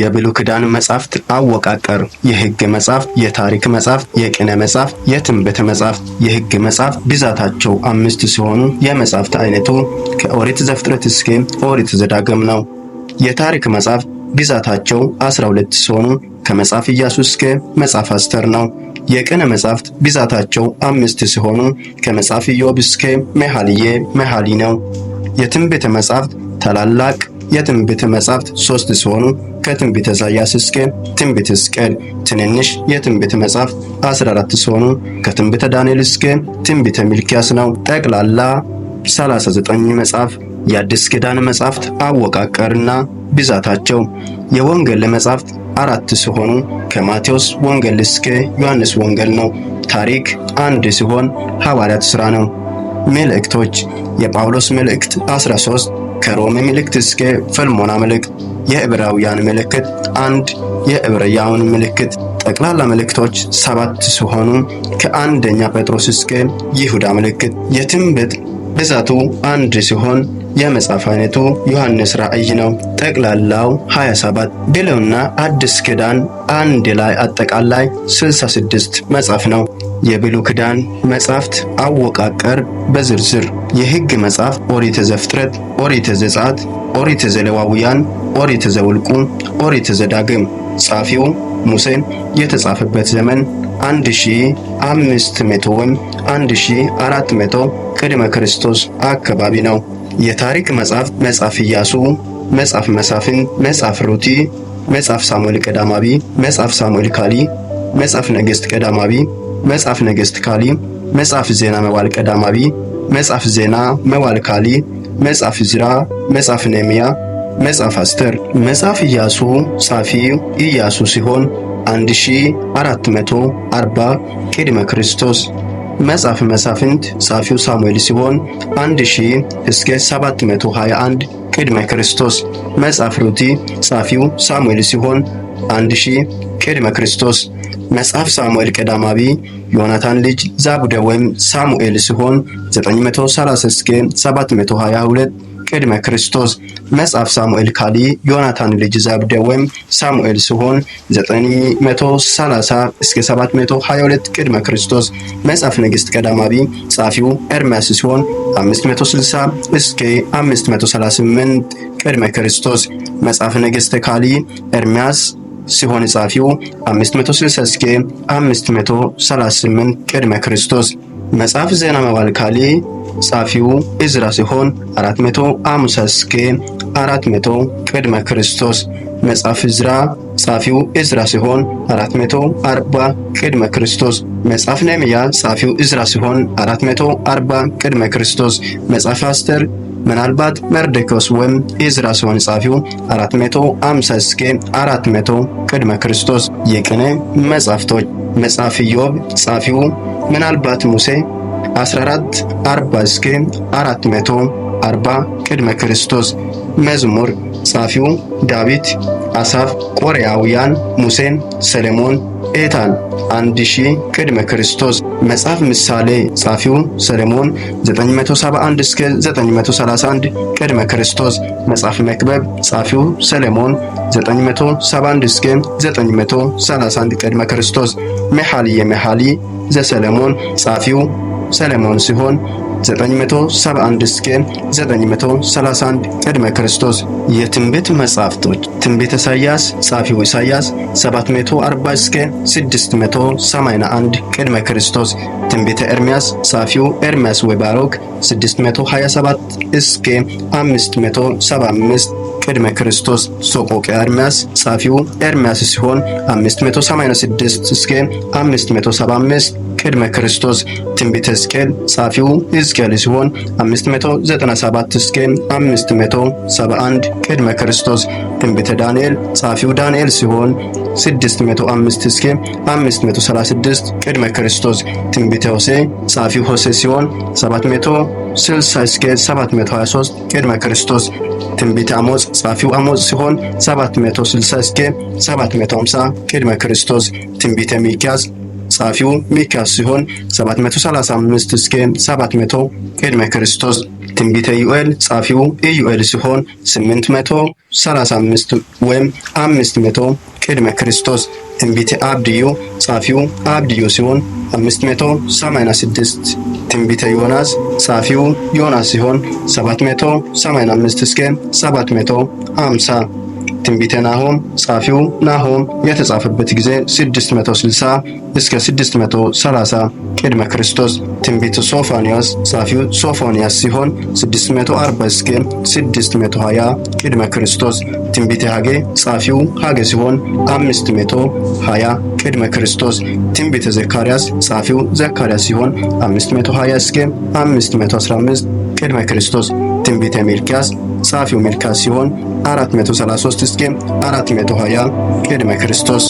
የብሉይ ኪዳን መጻሕፍት አወቃቀር የሕግ መጻሕፍት፣ የታሪክ መጻሕፍት፣ የቅኔ መጻሕፍት፣ የትንቢት መጻሕፍት። የሕግ መጻሕፍት ብዛታቸው አምስት ሲሆኑ የመጻሕፍት አይነቱ ከኦሪት ዘፍጥረት እስከ ኦሪት ዘዳግም ነው። የታሪክ መጻሕፍት ብዛታቸው 12 ሲሆኑ ከመጽሐፍ ኢያሱ እስከ መጽሐፍ አስተር ነው። የቅኔ መጻሕፍት ብዛታቸው አምስት ሲሆኑ ከመጽሐፍ ኢዮብ እስከ መኃልየ መኃልይ ነው። የትንቢት መጻሕፍት ታላላቅ የትንቢተ መጻሕፍት ሶስት ሲሆኑ ከትንቢተ ኢሳያስ እስከ ትንቢተ ሕዝቅኤል፣ ትንንሽ የትንቢተ መጻሕፍት 14 ሲሆኑ ከትንቢተ ዳንኤል እስከ ትንቢተ ሚልኪያስ ነው። ጠቅላላ 39 መጽሐፍ። የአዲስ ኪዳን መጻሕፍት አወቃቀርና ብዛታቸው የወንጌል መጻሕፍት አራት ሲሆኑ ከማቴዎስ ወንጌል እስከ ዮሐንስ ወንጌል ነው። ታሪክ አንድ ሲሆን ሐዋርያት ሥራ ነው። መልእክቶች የጳውሎስ መልእክት 13 ከሮሜ ምልክት እስከ ፈልሞና ምልክት፣ የዕብራውያን ምልክት አንድ፣ የዕብራውያን ምልክት ጠቅላላ ምልክቶች ሰባት ሲሆኑ ከአንደኛ ጴጥሮስ እስከ ይሁዳ ምልክት የትንቢት ብዛቱ አንድ ሲሆን የመጽሐፍ አይነቱ ዮሐንስ ራእይ ነው። ጠቅላላው 27 ብሉይና አዲስ ኪዳን አንድ ላይ አጠቃላይ 66 መጽሐፍ ነው። የብሉይ ኪዳን መጻሕፍት አወቃቀር በዝርዝር የሕግ መጽሐፍ ኦሪት ዘፍጥረት፣ ኦሪት ዘጸአት፣ ኦሪት ዘሌዋውያን፣ ኦሪት ዘውልቁ፣ ኦሪት ዘዳግም ጻፊው ሙሴ የተጻፈበት ዘመን 1500 ወይም 1400 ቅድመ ክርስቶስ አካባቢ ነው። የታሪክ መጽሐፍ መጽሐፍ ኢያሱ፣ መጽሐፍ መሳፍን፣ መጽሐፍ ሩቲ፣ መጽሐፍ ሳሙኤል ቀዳማዊ፣ መጽሐፍ ሳሙኤል ካሊ፣ መጽሐፍ ነገሥት ቀዳማዊ፣ መጽሐፍ ነገሥት ካሊ፣ መጽሐፍ ዜና መዋል ቀዳማዊ፣ መጽሐፍ ዜና መዋል ካሊ፣ መጽሐፍ ዝራ መጽሐፍ ነሚያ፣ መጽሐፍ አስተር። መጽሐፍ ኢያሱ ጻፊ ኢያሱ ሲሆን 1440 ቅድመ ክርስቶስ መጽሐፍ መሳፍንት ጻፊው ሳሙኤል ሲሆን 1000 እስከ 721 ቅድመ ክርስቶስ። መጽሐፍ ሩቲ ጻፊው ሳሙኤል ሲሆን 1000 ቅድመ ክርስቶስ። መጽሐፍ ሳሙኤል ቀዳማዊ ዮናታን ልጅ ዛቡደ ወይም ሳሙኤል ሲሆን 930 እስከ 722 ቅድመ ክርስቶስ መጽሐፍ ሳሙኤል ካሊ ዮናታን ልጅ ዛብደ ወይም ሳሙኤል ሲሆን 930 እስከ 722 ቅድመ ክርስቶስ መጽሐፍ ነገሥት ቀዳማዊ ጻፊው ኤርሚያስ ሲሆን 560 እስከ 538 ቅድመ ክርስቶስ መጽሐፍ ነገሥት ካሊ ኤርሚያስ ሲሆን ጻፊው 560 እስከ 538 ቅድመ ክርስቶስ መጽሐፍ ዜና መዋዕል ካሊ ጻፊው እዝራ ሲሆን 450 እስከ 400 ቅድመ ክርስቶስ መጽሐፍ እዝራ ጻፊው እዝራ ሲሆን 440 ቅድመ ክርስቶስ መጽሐፍ ነህምያ ጻፊው እዝራ ሲሆን 440 ቅድመ ክርስቶስ መጽሐፍ አስተር ምናልባት መርደኮስ ወይም ኤዝራ ሲሆን ጻፊው 450 እስከ 400 ቅድመ ክርስቶስ። የቅኔ መጻሕፍቶች መጽሐፍ ኢዮብ ጻፊው ምናልባት ሙሴ 14 40 እስከ 440 ቅድመ ክርስቶስ መዝሙር ጻፊው ዳዊት፣ አሳፍ፣ ቆሪያውያን፣ ሙሴን፣ ሰለሞን፣ ኤታን 1000 ቅድመ ክርስቶስ መጽሐፍ ምሳሌ ጻፊው ሰለሞን 971 እስከ 931 ቅድመ ክርስቶስ መጽሐፍ መክበብ ጻፊው ሰለሞን 971 እስከ 931 ቅድመ ክርስቶስ መሐልየ መሐሊ ዘሰለሞን ጻፊው ሰለሞን ሲሆን 971 እስከ 931 ቅድመ ክርስቶስ። የትንቢት መጻሕፍቶች ትንቢተ ኢሳይያስ ጻፊው ኢሳይያስ 740 እስከ 681 ቅድመ ክርስቶስ። ትንቢተ ኤርምያስ ጻፊው ኤርምያስ ባሮክ 627 እስከ 575 ቅድመ ክርስቶስ ሶቆቅያ ኤርምያስ ጻፊው ኤርምያስ ሲሆን 586 እስከ 575 ቅድመ ክርስቶስ ትንቢተ ሕዝቅኤል ጻፊው ሕዝቅኤል ሲሆን 597 እስከ 571 ቅድመ ክርስቶስ ትንቢተ ዳንኤል ጻፊው ዳንኤል ሲሆን 605 እስከ 536 ቅድመ ክርስቶስ ትንቢተ ሆሴ ጻፊው ሆሴ ሲሆን 760 እስከ 723 ቅድመ ክርስቶስ ትንቢት አሞጽ ጻፊው አሞጽ ሲሆን 760 እስከ 750 ቅድመ ክርስቶስ። ትንቢተ ሚኪያስ ጻፊው ሚኪያስ ሲሆን 735 እስከ 700 ቅድመ ክርስቶስ። ትንቢተ ዩኤል ጻፊው ኢዩኤል ሲሆን 835 ወይም 500 ቅድመ ክርስቶስ። ትንቢተ አብድዩ ጻፊው አብድዩ ሲሆን 586 ትንቢተ ዮናስ ጻፊው ዮናስ ሲሆን 785 እስከ 750 ትንቢተ ናሆም ጻፊው ናሆም የተጻፈበት ጊዜ 660 እስከ 630 ቅድመ ክርስቶስ። ትንቢተ ሶፎንያስ ጻፊው ሶፎንያስ ሲሆን 640 እስከ 620 ቅድመ ክርስቶስ። ትንቢተ ሐጌ ጻፊው ሐጌ ሲሆን 520 ቅድመ ክርስቶስ። ትንቢተ ዘካርያስ ጻፊው ዘካርያስ ሲሆን 520 እስከ 515 ቅድመ ክርስቶስ። ትንቢተ ሚልክያስ ጻፊው ሚልክያስ ሲሆን 433 እስከ 420 ቅድመ ክርስቶስ